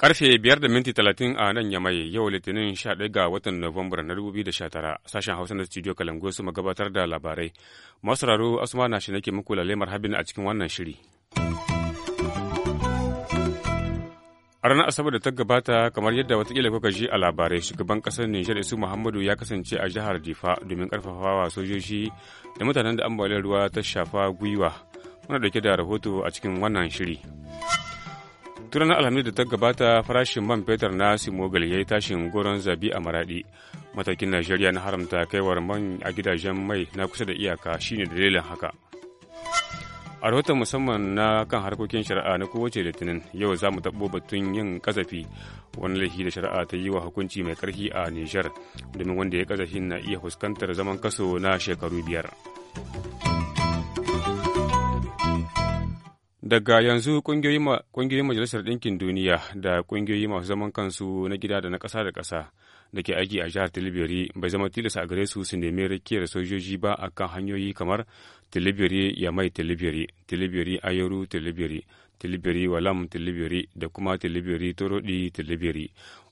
Karfe biyar da minti talatin a nan Yamai yau Litinin ɗaya ga watan Nuwambar na tara sashen Hausa na studio Kalangu su gabatar da labarai. Masu raro Asuma na shi nake muku lalemar habin a cikin wannan shiri. A ranar Asabar da ta gabata kamar yadda watakila kuka ji a labarai shugaban kasar Nijar Isu Muhammadu ya kasance a jihar Difa domin karfafawa sojoji da mutanen da ambaliyar ruwa ta shafa gwiwa. Muna dauke da rahoto a cikin wannan shiri. Turanar Alhamis da ta gabata farashin man fetur na Simogal ya yi tashin goron zabi a maraɗi Matakin Najeriya na haramta kaiwar man a gidajen mai na kusa da iyaka shine dalilin haka. a rahoton musamman na kan harkokin shari'a na kowace litinin yau za mu taɓo batun yin kasafi wani laifi da shari'a ta yi wa hukunci mai karfi a nijar domin wanda ya kasafin na iya fuskantar zaman kaso na shekaru biyar daga yanzu ƙungiyoyin majalisar ɗinkin duniya da ƙungiyoyi masu zaman kansu na gida da na ƙasa da ƙasa da ke aiki a jihar tilbiri bai zama tilasa a gare su su nemi rakiyar sojoji ba a kan hanyoyi kamar tilibiri mai tilibiri tilibiri ayaru tilibiri tilibiri walam tilibiri da kuma tilibiri torodi tilibiri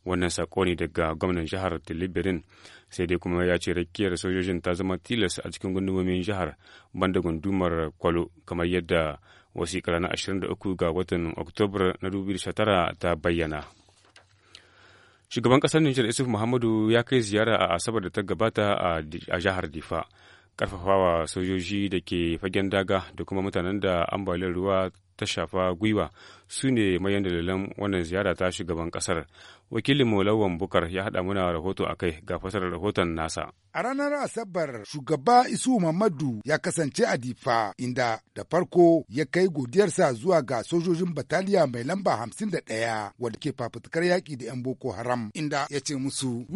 wannan sako ne daga gwamnan jihar tilibirin sai dai kuma ya ce rakiyar sojojin ta zama tilas a cikin gundumomin jihar banda gundumar kwalo kamar yadda wasiƙar na 23 ga watan oktobar na 2019 ta bayyana shugaban ƙasar nijar isuf muhammadu ya kai ziyara a asabar da ta gabata a jihar difa karfafawa sojoji da ke fagen daga da kuma mutanen da ambaliyar ruwa ta shafa gwiwa su ne mayan dalilan wannan ziyara ta shugaban kasar wakilin mulawan bukar ya haɗa muna rahoto a kai ga fasarar rahoton nasa a ranar asabar shugaba isu mamadu ya kasance a difa inda da farko ya kai godiyarsa zuwa ga sojojin bataliya mai lamba hamsin da ɗaya wadda ke fafutukar yaƙi da 'yan boko haram inda ya ce musu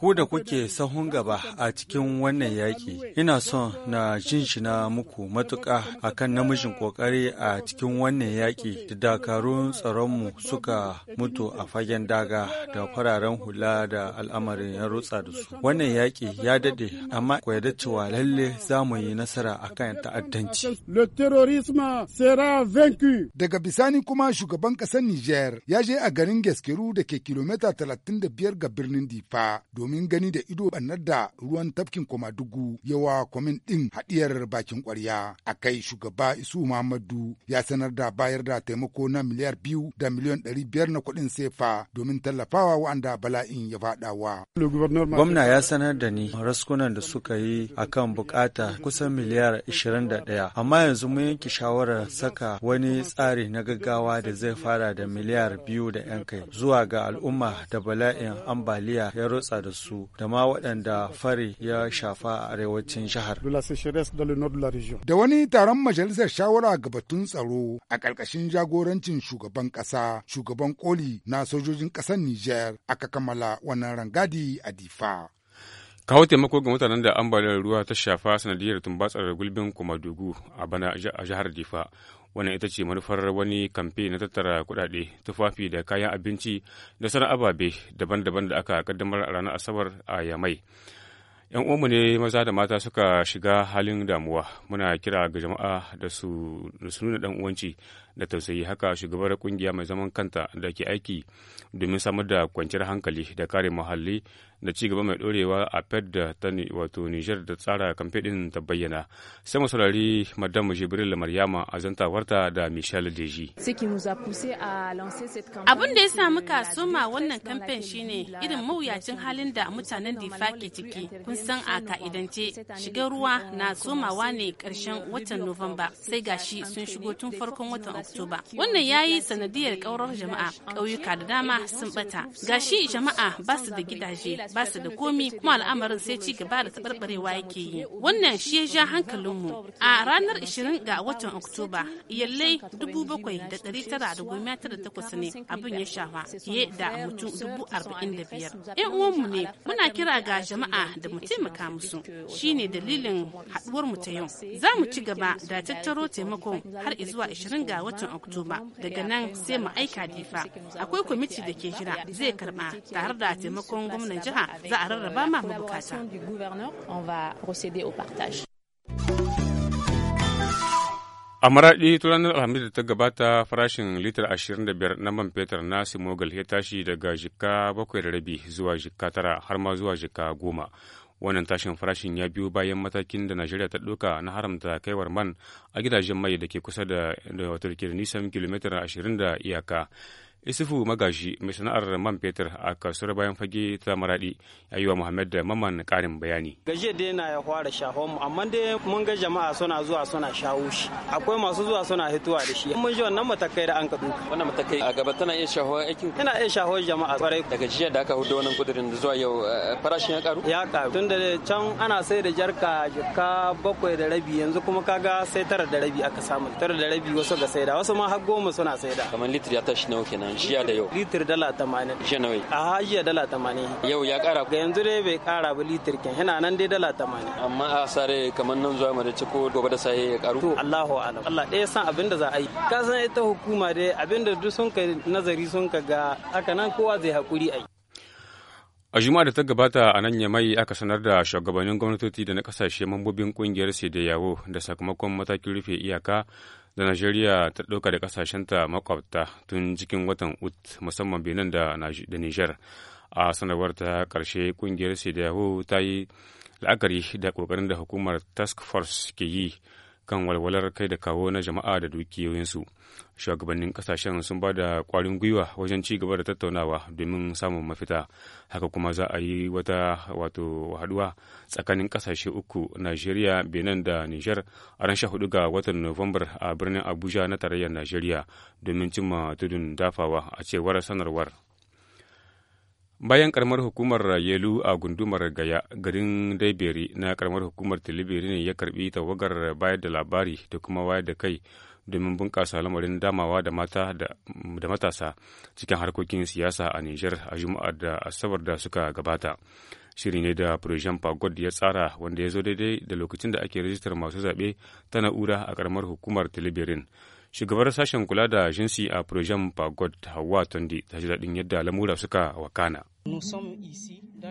ko da kuke sahun gaba a cikin wannan yaƙi ina son na jinshina muku matuƙa akan namijin ƙoƙari a a cikin wannan yaƙi da dakarun tsaronmu suka mutu a fagen daga da fararen hula da al'amarin ya rutsa da su. Wannan yaƙi ya daɗe, amma ku yarda cewa lalle za mu yi nasara a kan ta'addanci. Daga bisani kuma shugaban ƙasar niger ya je a garin geskeru da ke kilomita biyar ga birnin Difa domin gani da ido ɓannar da ruwan tafkin Komadugu yawa kwamin ɗin haɗiyar bakin ƙwarya. A kai shugaba Isu Muhammadu ya sanar da bayar da taimako na miliyar biyu da miliyon ɗari biyar na kuɗin sefa domin tallafawa wa'anda bala'in ya faɗawa. Gwamna ya sanar da ni raskunan da suka yi akan bukata kusan miliyar ishirin da ɗaya amma yanzu mun yanke shawarar saka wani tsari na gaggawa da zai fara da miliyar biyu da 'yan kai zuwa ga al'umma da bala'in ambaliya ya rutsa da su da ma waɗanda fari ya shafa a arewacin jihar. Da wani taron majalisar shawara gabatun. tsaro a ƙarƙashin jagorancin shugaban ƙasa, shugaban koli na sojojin ƙasar Nijar aka kammala wannan rangadi a Difa. kawo taimako ga mutanen da ambaliyar ruwa ta shafa sanadiyar tumbatsar gulbin kumadugu a bana a jihar difa wannan ita ce manufar wani kamfe na tattara kudade tufafi da kayan abinci da sana'a ababe daban-daban da aka kaddamar a ranar asabar a yamai 'yan uwanmu ne maza da mata suka shiga halin damuwa muna kira ga jama'a da su nuna dan uwanci da tausayi haka shugabar kungiya mai zaman kanta da ke aiki domin samar da kwanciyar hankali da kare muhalli da ci gaba mai dorewa a fed da ta wato niger da tsara kamfe din ta bayyana sai mu saurari madam jibril maryama a zantawarta da michel deji abin da ya sa muka soma wannan kamfen shine irin mawuyacin halin da mutanen difa ke ciki kun san a ka'idance shigar ruwa na somawa ne karshen watan nuwamba sai gashi sun shigo tun farkon watan oktoba wannan ya yi sanadiyar kaurar jama'a ƙauyuka da dama sun bata gashi jama'a ba su da gidaje ba da komi kuma al'amarin sai ci gaba da taɓarɓarewa yake yi wannan shi ya ja hankalinmu a ranar 20 ga watan oktoba iyalai 7,998 ne abin ya shafa fiye da mutum 45,000 yan uwanmu ne muna kira ga jama'a da mu taimaka musu shine dalilin haɗuwar mu ta yau za mu ci gaba da tattaro taimakon har zuwa 20 ga watan oktoba daga nan sai mu aika difa akwai kwamiti da ke jira zai karɓa tare da taimakon gwamnan jihar jiha za euh, a rarraba ma mabukata. A maraɗi ta ranar Alhamis da ta gabata farashin litar 25 na man fetur na Simogal ya tashi daga jika bakwai da rabi zuwa jika tara har ma zuwa jika goma. Wannan tashin farashin ya biyo bayan matakin da Najeriya ta ɗauka na haramta kaiwar man a gidajen mai da ke kusa da wata nisan kilomita 20 da iyaka. isufu magashi mai sana'ar man fetur a kasuwar bayan fage ta maradi ya yi wa muhammad da maman karin bayani gajiya dai na ya fara shahon mu amma dai mun ga jama'a suna zuwa suna shawo shi akwai masu zuwa suna hituwa da shi mun ji wannan matakai da an ka duka wannan matakai a gaba tana iya shahon aikin tana iya shahon jama'a kwarai daga jiya da aka hudu wannan kudirin zuwa yau eh, farashin ya karu ya karu tun da can ana sai da jarka jikka bakwai da rabi yanzu kuma kaga sai tara da rabi aka samu tara da rabi wasu ga saida wasu ma har goma suna saida kamar litri ya tashi nawa kenan jiya da yau litir dala tamanin jiya nawa a jiya dala tamanin yau ya kara ga yanzu dai bai kara ba litir kin yana nan dai dala tamanin amma a sare kamar nan zuwa madaci ko gobe da saye ya karu to Allahu alam Allah ɗaya san abin da za a yi ka san ita hukuma dai abin da duk sun ka nazari sun ka ga haka nan kowa zai hakuri a yi A juma'a da ta gabata a nan mai aka sanar da shugabannin gwamnatoci da na kasashe mambobin kungiyar yawo da sakamakon matakin rufe iyaka da Najeriya ta ɗauka da ƙasashenta makwabta tun cikin watan Ut musamman Benin da Nijar. A sanarwar ta ƙarshe ƙungiyar Sidiyahu ta yi la'akari da ƙoƙarin da hukumar Task Force ke yi kan walwalar kai da kawo na jama'a da dukiyoyinsu. Shugabannin kasashen sun ba da kwarin gwiwa wajen ci gaba da tattaunawa domin samun mafita. Haka kuma za a yi wata wato haduwa tsakanin kasashe uku Najeriya, Benin da niger a ran sha hudu ga watan Nuwambar a birnin Abuja na tarayyar Najeriya domin cimma tudun dafawa a cewar sanarwar. bayan karamar hukumar yelu a gundumar gaya garin daiberi na karamar hukumar tilibiri ne ya karbi tawagar bayar da labari da kuma wayar da kai domin bunƙasa lamarin damawa da mata da matasa cikin harkokin siyasa a niger a juma'a da asabar da suka gabata shiri ne da projen pagod ya tsara wanda ya zo daidai da lokacin da ake rijistar masu zaɓe ta na'ura a karamar hukumar tilibirin shugabar sashen kula da jinsi a projen pagod hawa tondi ta ji daɗin yadda lamura suka wakana.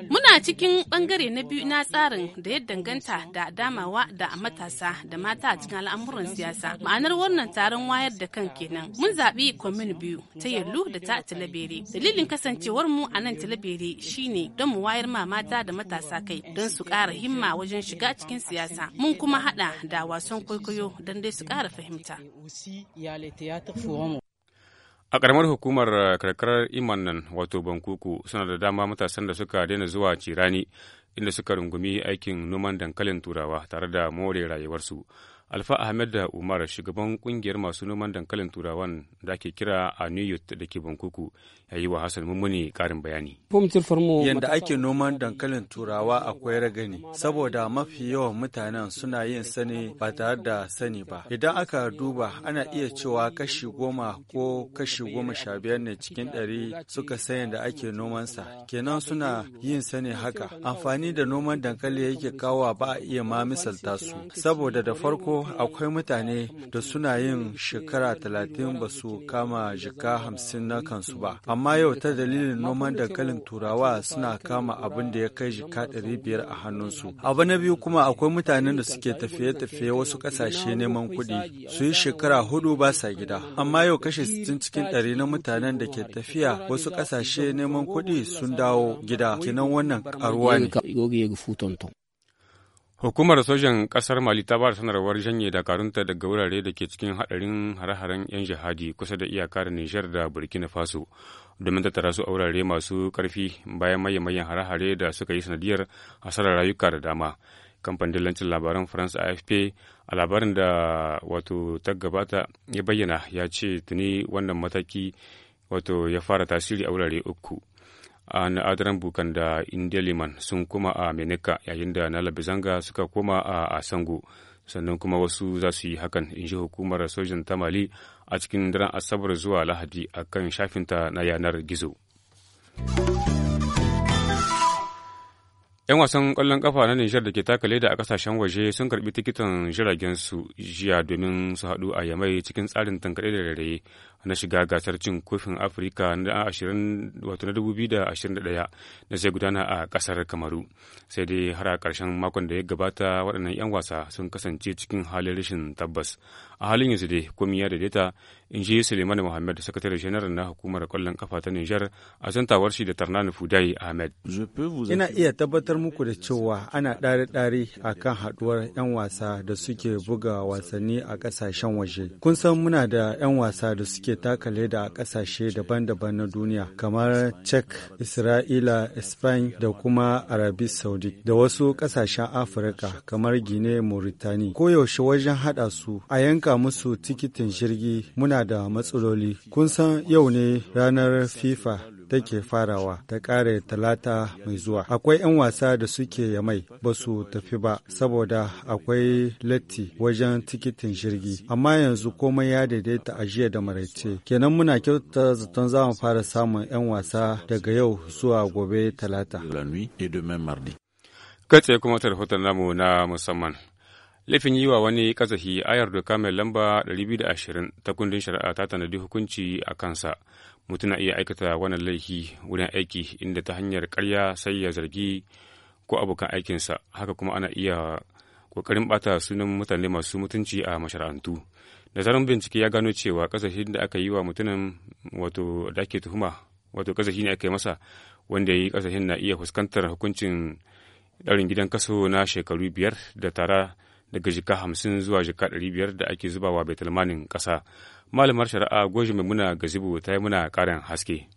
Muna cikin bangare na biyu na tsarin da ya danganta da damawa da matasa da mata a cikin al'amuran siyasa. Ma'anar wannan taron wayar da kan kenan. Mun zaɓi kwamin biyu ta Yallu da ta Talabere. Dalilin kasancewar mu a nan Talabere shine don mu wayar ma mata da matasa kai don su ƙara himma wajen shiga cikin siyasa. Mun kuma haɗa da wasan kwaikwayo don dai su ƙara fahimta. a ƙaramar hukumar eh, karkarar iman nan wato bankuku suna da dama matasan da suka daina zuwa cirani inda suka rungumi aikin noman dankalin turawa tare da more rayuwarsu alfa ahmed da umar shugaban kungiyar masu noman dankalin turawan da ake kira a new york da ke bankuku ya yi wa hassan mummuni karin bayani yadda ake noman dankalin turawa akwai ragani saboda mafi yawan mutanen suna yin sani ba tare da sani ba idan aka duba ana iya cewa kashi goma ko kashi goma sha biyar ne cikin ɗari suka san yadda ake nomansa kenan suna yin sani haka amfani da noman dankali yake kawo ba a iya ma misalta su saboda da farko akwai mutane da suna yin shekara talatin ba su kama jika hamsin na kansu ba, amma yau ta dalilin noman dankalin turawa suna kama abin da ya kai jika ɗari biyar a hannunsu. Abu na biyu kuma akwai mutanen da suke tafiye-tafiye wasu ƙasashe neman kuɗi, su yi shekara hudu ba sa gida, amma yau kashe sittin cikin ɗari na mutanen da ke tafiya wasu ƙasashe neman kuɗi sun dawo gida, kinan wannan ƙaruwa ne. Hukumar sojan ƙasar Mali ta ba da sanarwar janye dakarunta daga wurare da ke cikin haɗarin hare-haren 'yan jihadi kusa da iyaka da Nijar da Burkina Faso domin tattara su a wurare masu ƙarfi bayan mayan hare-hare da suka yi sanadiyar hasarar rayuka da dama. Kamfan dillancin labaran France AFP a labarin da wato ta gabata ya bayyana ya ce tuni wannan mataki wato ya fara tasiri a wurare uku. na adiran bukan da indeliman sun kuma a menika yayin da na labizanga suka koma a asango sannan kuma wasu za su yi hakan in ji hukumar sojin ta mali a cikin daren asabar zuwa lahadi a kan shafinta na yanar gizo. 'Yan wasan kwallon kafa na Nijar da ke taka leda a kasashen waje sun karbi tikitan jiragen su jiya domin su haɗu a Yamai cikin tsarin tankaɗe da rere na shiga gasar cin kofin afirka na 2021 da sai gudana a kasar kamaru sai dai har a karshen makon da ya gabata waɗannan 'yan wasa sun kasance cikin halin rashin tabbas a halin yanzu dai komi ya daidaita in ji suleiman muhammad sakataren janar na hukumar kwallon kafa ta nijar a santawar shi da tarnani fudai ahmed ina iya tabbatar muku da cewa ana ɗare-ɗare a kan haɗuwar 'yan wasa da suke buga wasanni a ƙasashen waje kun san muna da 'yan wasa da suke a taka leda a ƙasashe daban-daban na duniya kamar Czech, Isra'ila, Spain da kuma Arabi Saudi da wasu ƙasashen Afirka kamar Gine, Mauritani. Koyaushe wajen haɗa su a yanka musu tikitin jirgi muna da matsaloli. Kun san yau ne ranar FIFA take farawa ta kare talata mai zuwa. Akwai 'yan wasa da suke mai ba su tafi ba saboda akwai latti wajen tikitin jirgi. Amma yanzu komai ya daidaita a jiya da maraice. Kenan muna kyauta zaton za mu fara samun 'yan wasa daga yau zuwa gobe talata. Katse kuma ta rahoton namu na musamman. laifin yi wa wani kasahi ayar doka mai lamba 220 ta kundin shari'a ta tanadi hukunci a kansa mutum na iya aikata wannan laifi wurin aiki inda ta hanyar karya sai ya zargi ko abokan aikinsa haka kuma ana iya kokarin bata sunan mutane masu mutunci a mashara'antu da bincike ya gano cewa kasashen da aka yi wa mutumin wato da ake tuhuma wato kasashi ne aka yi masa wanda ya yi kasashen na iya fuskantar hukuncin ɗarin gidan kaso na shekaru biyar da tara daga jika hamsin zuwa jika ɗari biyar da ake zubawa betulmanin ƙasa malamar shari'a goji mai muna gazibu ta yi muna karin haske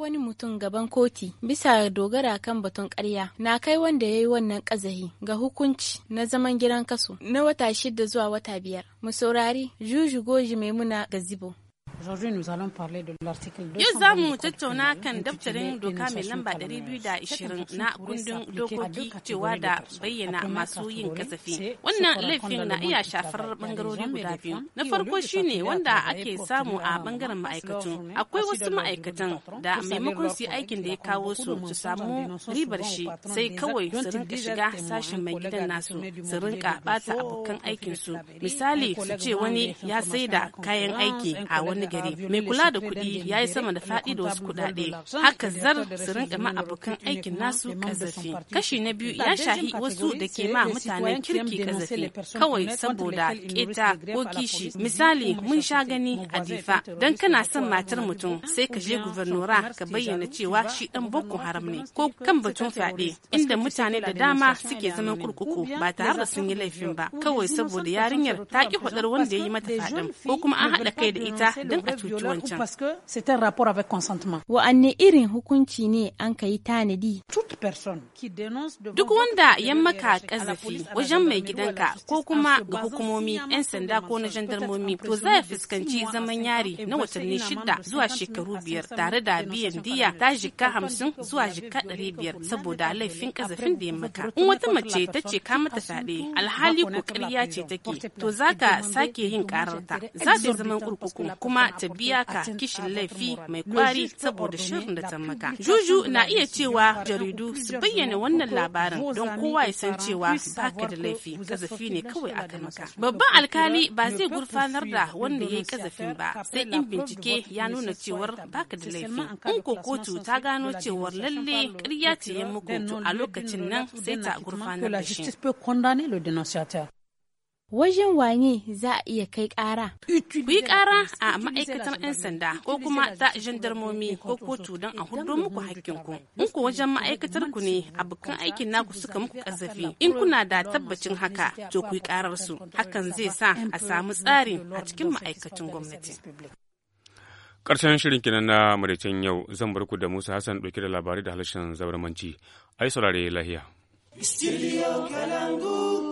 wani mutum gaban koti bisa dogara kan batun karya na kai wanda ya yi wannan kazahi ga hukunci na zaman gidan kaso na wata shida zuwa wata biyar mu saurari juju goji maimuna gazibo Yau za mu tattauna kan daftarin doka mai lamba 220 na kundin dokoki cewa da bayyana masu yin kasafi. Wannan laifin na iya shafar bangarori guda biyu. Na farko shine wanda ake samu a bangaren ma'aikatu. Akwai wasu ma'aikatan da maimakon su aikin da ya kawo su su samu ribar shi sai kawai su rinka shiga sashen mai gidan nasu su rinka bata abokan aikin su. Misali su ce wani ya saida kayan aiki a wani gari mai kula da kuɗi ya yi sama da faɗi da wasu kuɗaɗe haka zar su rinka ma abokan aikin nasu kazafi kashi na biyu ya shahi wasu da ke ma mutane kirki kazafi kawai saboda keta ko kishi misali mun sha gani a difa dan kana son matar mutum sai ka je gubernora ka bayyana cewa shi dan boko haram ne ko kan batun fyaɗe inda mutane da dama suke zaman kurkuku ba tare da sun yi laifin ba kawai saboda yarinyar ta ki faɗar wanda ya yi mata faɗin ko kuma an haɗa kai da ita don Wa'anne irin hukunci ne an ka yi tanadi? Duk wanda ya maka kazafi wajen mai gidanka ko kuma ga hukumomi 'yan sanda ko na jandarmomi to za ya fuskanci zaman yari na watanni shida zuwa shekaru biyar tare da biyan diya ta jika hamsin zuwa jika ɗari biyar saboda laifin kazafin da ya maka. In wata mace ta ce ka mata fyaɗe alhali ko ƙarya ce take to za ka sake yin ƙararta za ta zaman kurkuku kuma tabiya ta ka kishin laifi mai kwari saboda shirin da ta Juju na iya cewa jaridu su bayyana wannan labarin don kowa ya san cewa baka da laifi kazafi ne kawai aka maka. Babban alkali ba zai gurfanar da wanda ya yi kazafin ba sai in bincike ya nuna cewar baka da laifi. In ko kotu ta gano cewar lalle ƙarya ce ya muku a lokacin nan sai ta gurfanar da shi. Wajen wane za a iya kai ƙara? Ku yi ƙara a ma'aikatar 'yan sanda ko kuma ta jandarmomi ko kotu don a hudu muku hakkinku. In ku wajen ma'aikatar ku ne abokan aikin naku suka muku ƙazafi. In kuna da tabbacin haka to ku yi ƙarar Hakan zai sa a samu tsari a cikin ma'aikacin gwamnati. Ƙarshen shirin kinan na maraicen yau zan bar ku da Musa Hassan ɗauke da labarai da halashin zabarmanci. Ai saurare lahiya. Studio Kalangu.